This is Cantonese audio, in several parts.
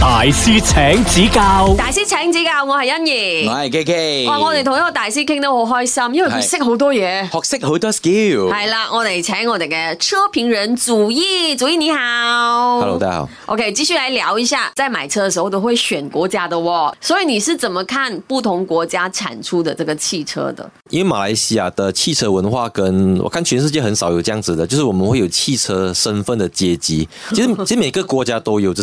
大師請指教，大師請指教，我係欣怡，我係 Kiki，哇，我哋同一個大師傾得好開心，因為佢識好多嘢，學識好多 skill，係啦，我哋請我哋嘅車評人祖億，祖億你好，Hello 大家好，OK，繼續來聊一下，在買車嘅時候都會選國家的喎、哦，所以你是怎麼看不同國家產出的這個汽車的？因為馬來西亞的汽車文化跟，跟我看全世界很少有這樣子的，就是我們會有汽車身份的階級，其實其實每個國家都有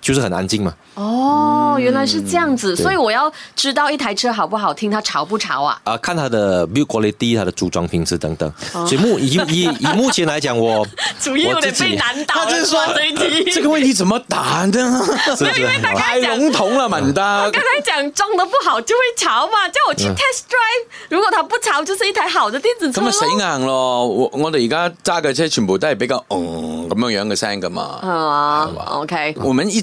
就是很安靜嘛。哦，原來是這樣子，所以我要知道一台車好不好聽，它潮不潮啊？啊，看它的 build quality，它的組裝品質等等。所以目以以以目前來講，我，我真係被難倒。我係衰到這個問題怎麼打呢？因為大太籠統啦，唔得。我剛才講裝得不好就會潮嘛，叫我去 test drive。如果它不潮，就是一台好的電子車咯。咁咪死硬咯，我我哋而家揸嘅車全部都係比較嗯咁樣樣嘅聲噶嘛。係 OK 我們依。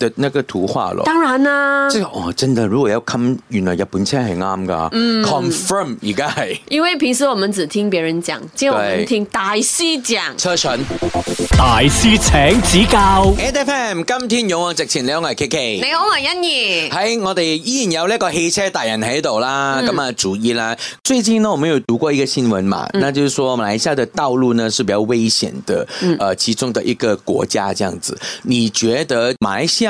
的那個圖畫咯，當然啦、啊這個，哦，真的，如果要 c o 原來日本車係啱噶，confirm 而家係，嗯、irm，因為平時我們只聽別人講，今天我們聽大師講，對車神巡，大師請指教。a f m 今天勇往直前兩位 K K，你好、啊、宜 hey，我位欣怡，喺我哋依然有呢個汽車大人喺度啦，咁啊、嗯、注意啦，最近呢，我們有讀過一個新聞嘛，嗯、那就是說馬來西亞的道路呢是比較危險的，嗯、呃，其中的一個國家，這樣子，你覺得馬來西亞？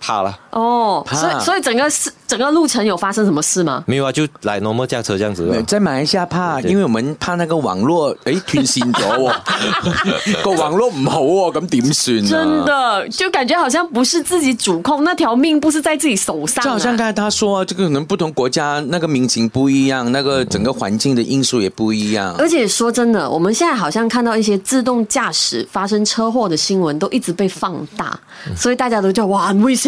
怕了哦，怕所以所以整個事，整個路程有發生什麼事嗎？沒有啊，就來 normal 駕車這樣子。在馬來西亞怕。對對對，因為我們怕那個網絡誒、欸、斷線咗、喔，個 網絡唔好哦、喔，咁點算、啊？真的，就感覺好像不是自己主控，那條命不是在自己手上、啊。就好像剛才他說、啊，這個可能不同國家那個民情不一樣，那個整個環境的因素也不一樣。嗯嗯，而且說真的，我們現在好像看到一些自動駕駛發生車禍的新聞，都一直被放大，所以大家都叫哇很危險。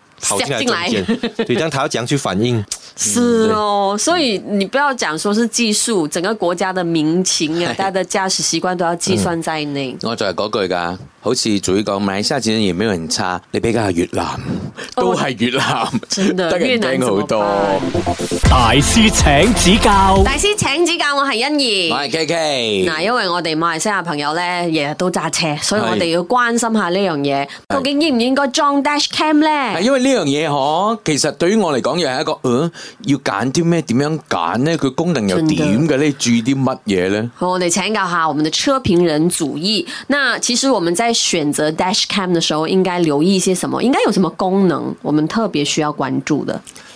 跑進進來，對，但係要講出反應。是哦，嗯、所以你不要講，說是技術，整個國家的民情啊，大家的駕駛習慣都要計算在內，嗯。我就係嗰句噶，好似最講馬來西亞治安有冇人差？你比較越南，都係越南，哦、真得人驚好多。大師請指教，大師請指教，我係欣宜，我係 KK。嗱，因為我哋馬來西亞朋友咧，日日都揸車，所以我哋要關心下呢樣嘢，是究竟應唔應該裝 Dash Cam 咧？因為呢、這個。呢樣嘢嗬，其實對於我嚟講又係一個，嗯、呃，要揀啲咩？點樣揀呢？佢功能又點嘅呢？的注意啲乜嘢呢？好，我哋請教下我們的車評人祖億。那其實我們在選擇 Dash Cam 的時候，應該留意一些什麼？應該有什麼功能？我們特別需要關注的？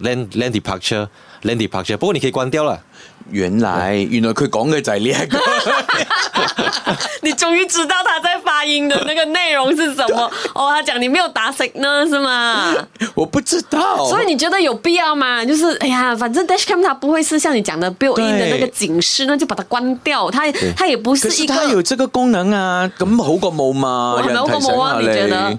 Lane departure, lane departure，不過你可以關掉了。原來原來佢講嘅就係呢一個，你終於知道他在發音的那個內容是什麼。哦，他講你沒有打 Signal 呢，是嗎？我不知道。所以你覺得有必要嗎？就是，哎呀，反正 Dashcam，它不會是像你講的 built-in 的那個警示呢，就把它關掉。它它也不是一個有這個功能啊，咁好過冇嘛？好過冇啊，你覺得